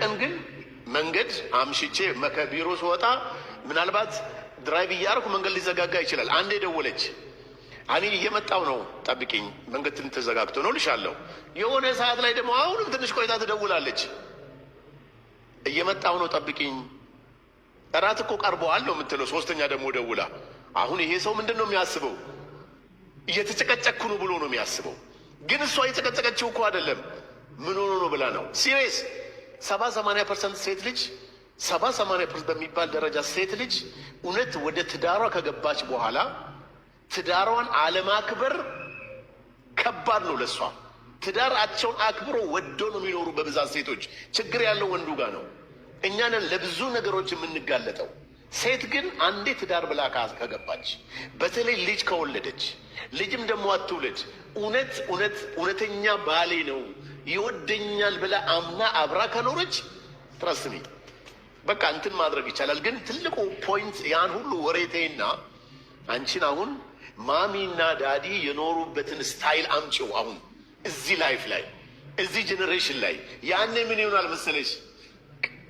ቀን ግን መንገድ አምሽቼ ከቢሮ ስወጣ ምናልባት ድራይቭ እያርኩ መንገድ ሊዘጋጋ ይችላል። አንዴ ደወለች፣ አኔ እየመጣው ነው ጠብቂኝ፣ መንገድ ትን ተዘጋግቶ ነው ልሻለሁ። የሆነ ሰዓት ላይ ደግሞ አሁንም ትንሽ ቆይታ ትደውላለች፣ እየመጣው ነው ጠብቂኝ፣ እራት እኮ ቀርበዋል ነው የምትለው። ሶስተኛ ደግሞ ደውላ አሁን ይሄ ሰው ምንድን ነው የሚያስበው? እየተጨቀጨኩ ነው ብሎ ነው የሚያስበው። ግን እሷ እየጨቀጨቀችው እኮ አይደለም ምን ሆኖ ነው ብላ ነው ሲሪየስ ሰባ ሰማንያ ፐርሰንት ሴት ልጅ ሰባ ሰማንያ ፐርሰንት በሚባል ደረጃ ሴት ልጅ እውነት ወደ ትዳሯ ከገባች በኋላ ትዳሯን አለማክበር ከባድ ነው ለሷ። ትዳራቸውን አክብሮ ወዶ ነው የሚኖሩ በብዛት ሴቶች። ችግር ያለው ወንዱ ጋር ነው። እኛንን ለብዙ ነገሮች የምንጋለጠው ሴት ግን አንዴ ትዳር ብላ ከገባች በተለይ ልጅ ከወለደች ልጅም ደግሞ አትውለድ እውነት እውነት እውነተኛ ባሌ ነው ይወደኛል ብላ አምና አብራ ከኖረች ትረስሚ በቃ እንትን ማድረግ ይቻላል። ግን ትልቁ ፖይንት ያን ሁሉ ወሬቴና አንቺን አሁን ማሚና ዳዲ የኖሩበትን ስታይል አምጪው። አሁን እዚህ ላይፍ ላይ እዚህ ጀኔሬሽን ላይ ያኔ ምን ይሆናል መሰለሽ?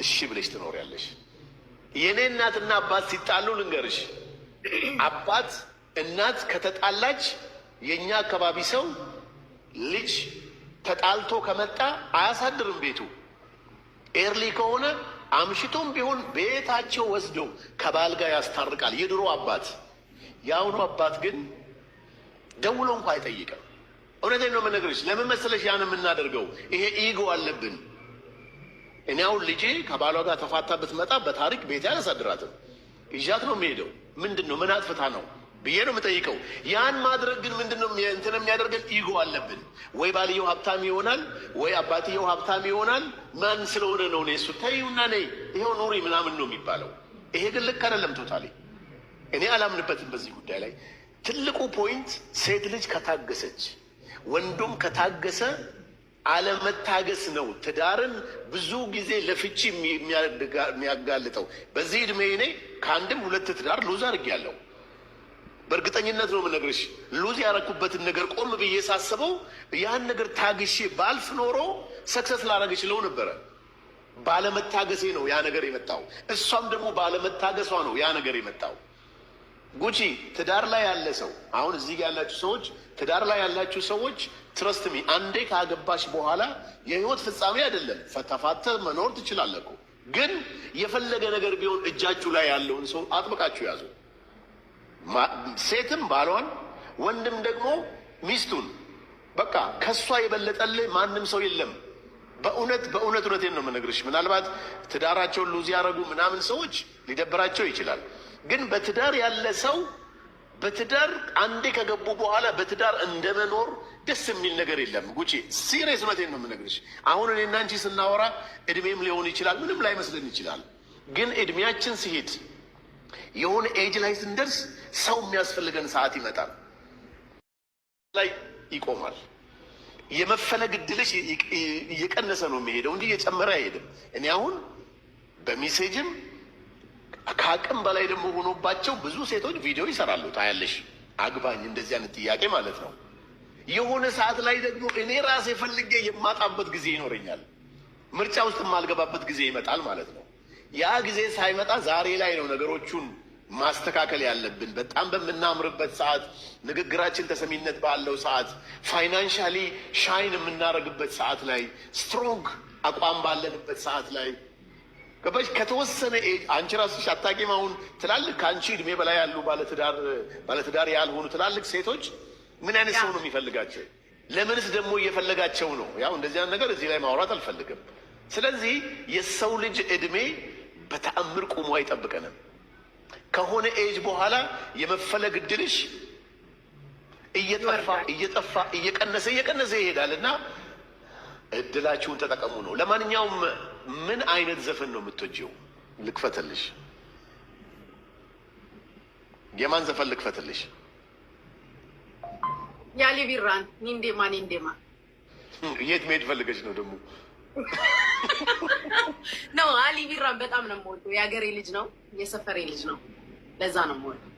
እሺ ብለሽ ትኖሪያለሽ። የእኔ እናትና አባት ሲጣሉ ልንገርሽ፣ አባት እናት ከተጣላች የእኛ አካባቢ ሰው ልጅ ተጣልቶ ከመጣ አያሳድርም ቤቱ ኤርሊ ከሆነ አምሽቶም ቢሆን ቤታቸው ወስዶ ከባል ጋር ያስታርቃል። የድሮ አባት የአሁኑ አባት ግን ደውሎ እንኳ አይጠይቅም። እውነቴን ነው የምነግርሽ። ለምን መሰለሽ ያን የምናደርገው? ይሄ ኢጎ አለብን። እኔ አሁን ልጄ ከባሏ ጋር ተፋታ ብትመጣ በታሪክ ቤቴ አላሳድራትም። እዣት ነው የሚሄደው። ምንድን ነው ምን አጥፍታ ነው ብዬ ነው የምጠይቀው። ያን ማድረግ ግን ምንድን ነው እንትን የሚያደርገን ኢጎ አለብን ወይ ባልየው ሀብታም ይሆናል ወይ አባትየው ሀብታም ይሆናል። ማን ስለሆነ ነው እኔ እሱ ተይውና ነይ ይኸው ኑሪ ምናምን ነው የሚባለው። ይሄ ግን ልክ አይደለም። ቶታሊ እኔ አላምንበትም በዚህ ጉዳይ ላይ ትልቁ ፖይንት ሴት ልጅ ከታገሰች፣ ወንዱም ከታገሰ አለመታገስ ነው ትዳርን ብዙ ጊዜ ለፍቺ የሚያጋልጠው። በዚህ እድሜ እኔ ከአንድም ሁለት ትዳር ሉዝ አድርጌያለሁ። በእርግጠኝነት ነው የምነግርሽ። ሉዝ ያረኩበትን ነገር ቆም ብዬ ሳስበው ያን ነገር ታግሼ ባልፍ ኖሮ ሰክሰስ ላረግ ችለው ነበረ። ባለመታገሴ ነው ያ ነገር የመጣው። እሷም ደግሞ ባለመታገሷ ነው ያ ነገር የመጣው። ጉቺ ትዳር ላይ ያለ ሰው አሁን እዚህ ያላችሁ ሰዎች ትዳር ላይ ያላችሁ ሰዎች ትረስትሚ አንዴ ካገባሽ በኋላ የህይወት ፍጻሜ አይደለም። ፈተፋተ መኖር ትችላለህ እኮ ግን የፈለገ ነገር ቢሆን እጃችሁ ላይ ያለውን ሰው አጥብቃችሁ ያዙ። ሴትም ባሏን፣ ወንድም ደግሞ ሚስቱን። በቃ ከእሷ የበለጠልህ ማንም ሰው የለም። በእውነት በእውነት እውነቴን ነው የምነግርሽ። ምናልባት ትዳራቸውን ሉዝ ያደረጉ ምናምን ሰዎች ሊደብራቸው ይችላል። ግን በትዳር ያለ ሰው በትዳር አንዴ ከገቡ በኋላ በትዳር እንደመኖር ደስ የሚል ነገር የለም። ጉቺ ሲሬ እውነቴን ነው የምነግርሽ። አሁን እኔ እና አንቺ ስናወራ እድሜም ሊሆን ይችላል፣ ምንም ላይመስለን ይችላል። ግን እድሜያችን ሲሄድ የሆነ ኤጅ ላይ ስንደርስ ሰው የሚያስፈልገን ሰዓት ይመጣል ላይ ይቆማል። የመፈለግ እድልሽ እየቀነሰ ነው የሚሄደው እንጂ እየጨመረ አይሄድም። እኔ አሁን በሜሴጅም ከአቅም በላይ ደግሞ ሆኖባቸው ብዙ ሴቶች ቪዲዮ ይሰራሉ፣ ታያለሽ። አግባኝ እንደዚህ አይነት ጥያቄ ማለት ነው የሆነ ሰዓት ላይ ደግሞ እኔ ራሴ ፈልጌ የማጣበት ጊዜ ይኖረኛል። ምርጫ ውስጥ የማልገባበት ጊዜ ይመጣል ማለት ነው። ያ ጊዜ ሳይመጣ ዛሬ ላይ ነው ነገሮቹን ማስተካከል ያለብን። በጣም በምናምርበት ሰዓት፣ ንግግራችን ተሰሚነት ባለው ሰዓት፣ ፋይናንሻሊ ሻይን የምናደርግበት ሰዓት ላይ፣ ስትሮንግ አቋም ባለንበት ሰዓት ላይ ገባሽ። ከተወሰነ ኤጅ አንቺ ራስሽ አታቂም። አሁን ትላልቅ ከአንቺ እድሜ በላይ ያሉ ባለትዳር ያልሆኑ ትላልቅ ሴቶች ምን አይነት ሰው ነው የሚፈልጋቸው? ለምንስ ደግሞ እየፈለጋቸው ነው? ያው እንደዚያን ነገር እዚህ ላይ ማውራት አልፈልግም። ስለዚህ የሰው ልጅ እድሜ በተአምር ቁሞ አይጠብቀንም። ከሆነ ኤጅ በኋላ የመፈለግ እድልሽ እየጠፋ እየጠፋ እየቀነሰ እየቀነሰ ይሄዳል እና እድላችሁን ተጠቀሙ ነው። ለማንኛውም ምን አይነት ዘፈን ነው የምትወጂው? ልክፈትልሽ። የማን ዘፈን ልክፈትልሽ? ያሌ ቢራን ኒንዴማ ኒንዴማ የት መሄድ ፈልገች ነው ደግሞ ነው። አሊ ቢራን በጣም ነው የምወደው። የሀገሬ ልጅ ነው፣ የሰፈሬ ልጅ ነው። ለዛ ነው የምወደው።